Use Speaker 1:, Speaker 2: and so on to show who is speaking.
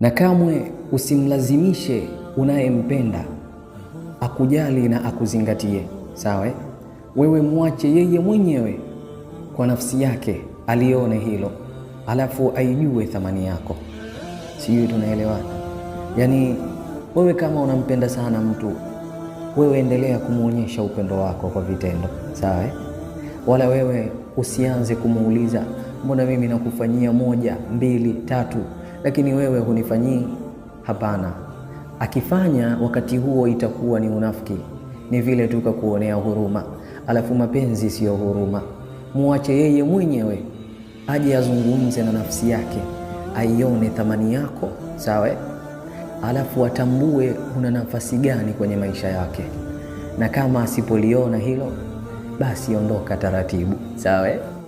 Speaker 1: na kamwe usimlazimishe unayempenda akujali na akuzingatie, sawa? Eh? Wewe mwache yeye mwenyewe kwa nafsi yake alione hilo, alafu aijue thamani yako. Sijui tunaelewana? Yaani wewe kama unampenda sana mtu, wewe endelea kumwonyesha upendo wako kwa vitendo, sawa? Eh? Wala wewe usianze kumuuliza mbona mimi nakufanyia moja, mbili, tatu lakini wewe hunifanyii. Hapana, akifanya wakati huo itakuwa ni unafiki, ni vile tu kakuonea huruma. Alafu mapenzi siyo huruma. Muache yeye mwenyewe aje azungumze na nafsi yake, aione thamani yako, sawa? Alafu atambue una nafasi gani kwenye maisha yake, na kama asipoliona hilo, basi ondoka taratibu, sawa?